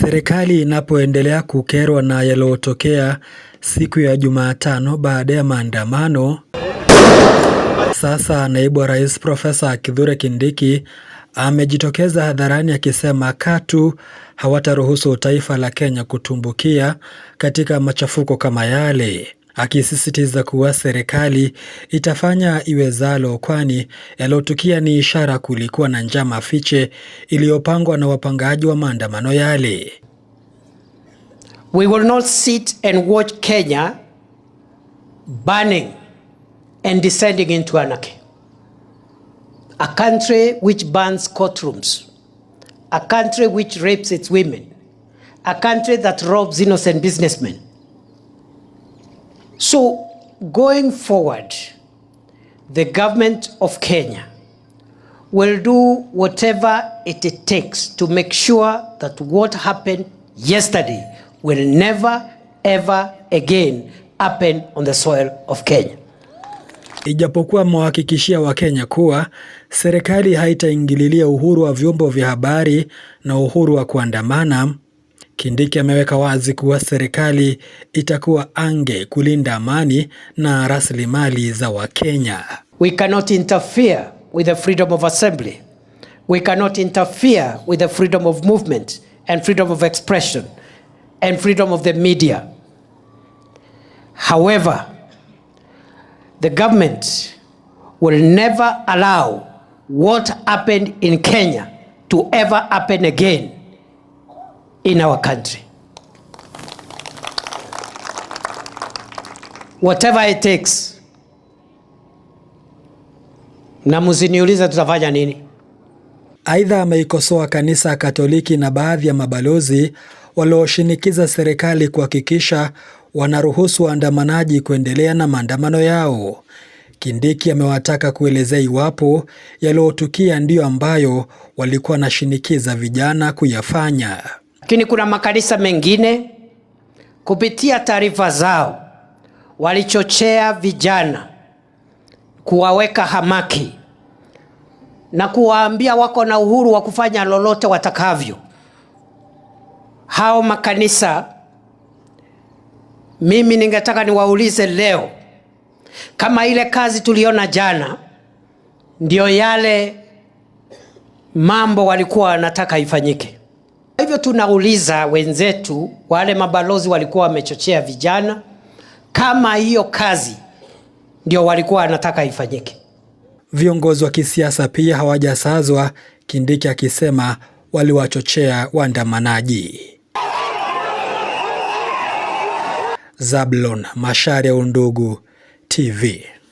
Serikali inapoendelea kukerwa na yaliyotokea siku ya Jumatano baada ya maandamano, sasa naibu wa rais Profesa Kithure Kindiki amejitokeza hadharani akisema katu hawataruhusu taifa la Kenya kutumbukia katika machafuko kama yale akisisitiza kuwa serikali itafanya iwezalo, kwani yaliyotukia ni ishara kulikuwa na njama fiche iliyopangwa na wapangaji wa maandamano yale. We will not sit and watch Kenya burning and descending into anarchy. A country which burns courtrooms, a country which rapes its women, a country that robs innocent businessmen. So going forward, the government of Kenya will do whatever it takes to make sure that what happened yesterday will never ever again happen on the soil of Kenya. Ijapokuwa amewahakikishia Wakenya kuwa serikali haitaingililia uhuru wa vyombo vya habari na uhuru wa kuandamana Kindiki ameweka wazi kuwa serikali itakuwa ange kulinda amani na rasilimali za Wakenya. We cannot interfere with the freedom of assembly. We cannot interfere with the freedom of movement and freedom of expression and freedom of the media. However, the government will never allow what happened in Kenya to ever happen again in our country. Whatever it takes. Na msiniulize tutafanya nini. Aidha, ameikosoa kanisa Katoliki na baadhi ya mabalozi walioshinikiza serikali kuhakikisha wanaruhusu waandamanaji kuendelea na maandamano yao. Kindiki amewataka kuelezea iwapo yaliyotukia ndiyo ambayo walikuwa wanashinikiza vijana kuyafanya. Lakini kuna makanisa mengine kupitia taarifa zao walichochea vijana kuwaweka hamaki na kuwaambia wako na uhuru wa kufanya lolote watakavyo. Hao makanisa mimi ningetaka niwaulize leo kama ile kazi tuliona jana ndio yale mambo walikuwa wanataka ifanyike. Hivyo tunauliza wenzetu, wale mabalozi walikuwa wamechochea vijana, kama hiyo kazi ndio walikuwa wanataka ifanyike. Viongozi wa kisiasa pia hawajasazwa, Kindiki akisema waliwachochea waandamanaji. Zablon Macharia, Undugu TV.